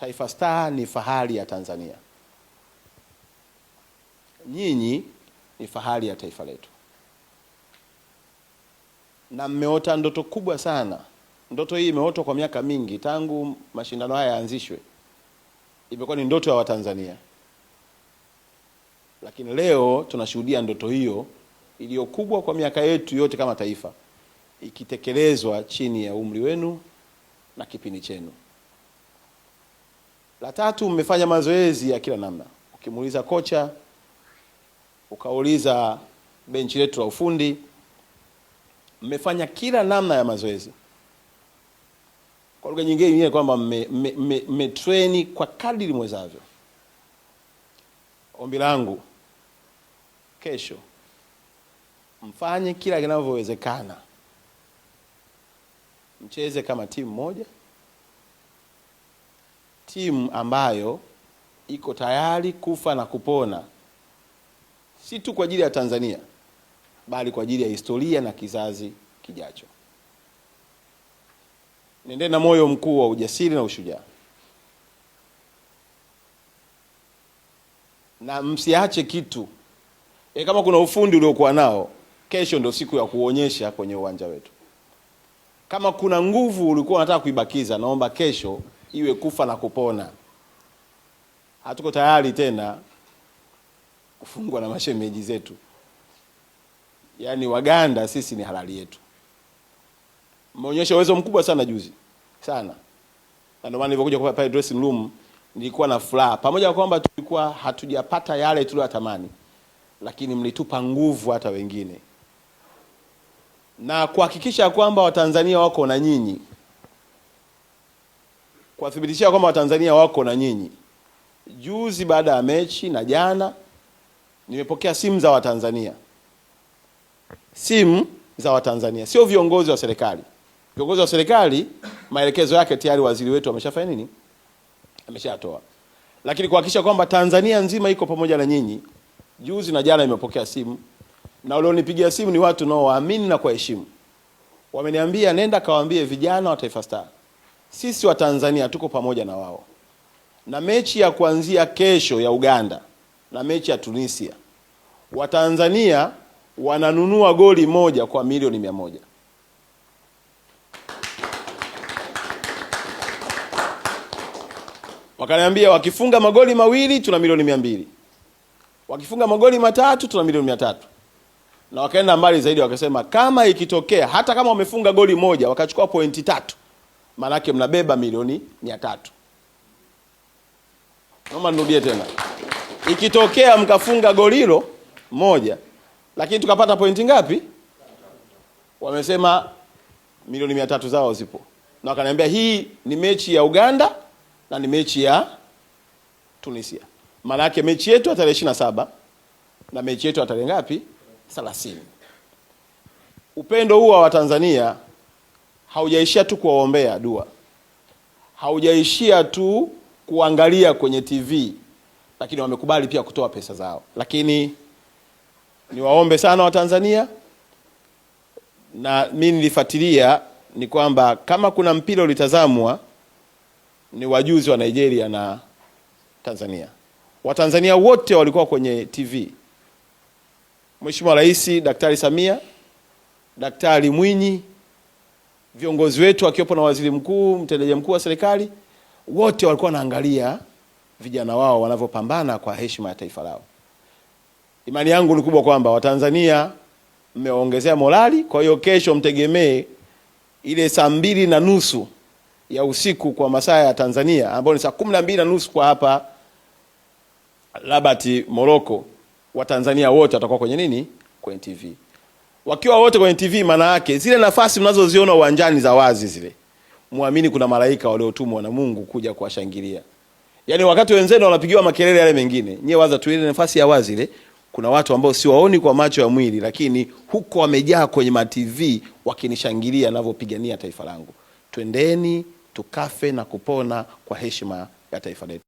Taifa Star ni fahari ya Tanzania, nyinyi ni fahari ya taifa letu, na mmeota ndoto kubwa sana. Ndoto hii imeotwa kwa miaka mingi, tangu mashindano haya yaanzishwe, imekuwa ni ndoto ya Watanzania, lakini leo tunashuhudia ndoto hiyo iliyo kubwa kwa miaka yetu yote kama taifa ikitekelezwa chini ya umri wenu na kipindi chenu. La tatu, mmefanya mazoezi ya kila namna, ukimuuliza kocha, ukauliza benchi letu la ufundi, mmefanya kila namna ya mazoezi. Kwa lugha nyingine ni kwamba mmetreni me, me, kwa kadiri mwezavyo. Ombi langu kesho, mfanye kila kinavyowezekana, mcheze kama timu moja timu ambayo iko tayari kufa na kupona, si tu kwa ajili ya Tanzania, bali kwa ajili ya historia na kizazi kijacho. Nende na moyo mkuu wa ujasiri na ushujaa, na msiache kitu e, kama kuna ufundi uliokuwa nao, kesho ndio siku ya kuonyesha kwenye uwanja wetu. Kama kuna nguvu ulikuwa unataka kuibakiza, naomba kesho iwe kufa na kupona. Hatuko tayari tena kufungwa na mashemeji zetu, yaani Waganda sisi ni halali yetu. Mmeonyesha uwezo mkubwa sana juzi sana, na ndio maana nilipokuja pale dressing room nilikuwa na furaha, pamoja na kwamba tulikuwa hatujapata yale tuliyotamani, lakini mlitupa nguvu hata wengine na kuhakikisha kwamba Watanzania wako na nyinyi kuwathibitishia kwamba Watanzania wako na nyinyi. Juzi baada ya mechi na jana nimepokea simu za Watanzania, simu za Watanzania, sio viongozi wa serikali. Viongozi wa serikali maelekezo yake tayari waziri wetu ameshafanya nini, ameshatoa, lakini kuhakikisha kwamba Tanzania nzima iko pamoja na nyinyi, juzi na jana nimepokea simu, na walionipigia simu ni watu nao waamini na kuwaheshimu, wameniambia nenda kawaambie vijana wa Taifa Stars sisi Watanzania tuko pamoja na wao, na mechi ya kuanzia kesho ya Uganda na mechi ya Tunisia, Watanzania wananunua goli moja kwa milioni mia moja. Wakaniambia wakifunga magoli mawili tuna milioni mia mbili, wakifunga magoli matatu tuna milioni mia tatu. Na wakaenda mbali zaidi, wakasema kama ikitokea hata kama wamefunga goli moja wakachukua pointi tatu maanake mnabeba milioni mia tatu. Naomba nirudie tena, ikitokea mkafunga goli hilo moja lakini tukapata pointi ngapi? Wamesema milioni mia tatu zao zipo, na wakaniambia hii ni mechi ya Uganda na ni mechi ya Tunisia. Maana yake mechi yetu ya tarehe ishirini na saba na mechi yetu ya tarehe ngapi? 30. Upendo huo wa Tanzania haujaishia tu kuwaombea dua, haujaishia tu kuangalia kwenye TV, lakini wamekubali pia kutoa pesa zao. Lakini niwaombe sana Watanzania, na mi nilifuatilia ni kwamba kama kuna mpira ulitazamwa ni wajuzi wa Nigeria na Tanzania. Watanzania wote walikuwa kwenye TV. Mheshimiwa Rais Daktari Samia, Daktari Mwinyi viongozi wetu akiwepo na waziri mkuu, mtendaji mkuu wa serikali, wote walikuwa wanaangalia vijana wao wanavyopambana kwa heshima ya taifa lao. Imani yangu ni kubwa kwamba Watanzania mmewaongezea morali. Kwa hiyo kesho mtegemee ile saa mbili na nusu ya usiku kwa masaa ya Tanzania, ambayo ni saa kumi na mbili na nusu kwa hapa Rabat Morocco, Watanzania wote watakuwa kwenye nini? Kwenye TV wakiwa wote kwenye TV, maana yake zile nafasi mnazoziona uwanjani za wazi zile, muamini kuna malaika waliotumwa na Mungu kuja kuwashangilia. Yaani wakati wenzenu wanapigiwa makelele yale mengine, nyewe waza tu ile nafasi ya wazi ile, kuna watu ambao siwaoni kwa macho ya mwili, lakini huko wamejaa kwenye ma TV wakinishangilia ninavyopigania taifa langu. Twendeni tukafe na kupona kwa heshima ya taifa letu.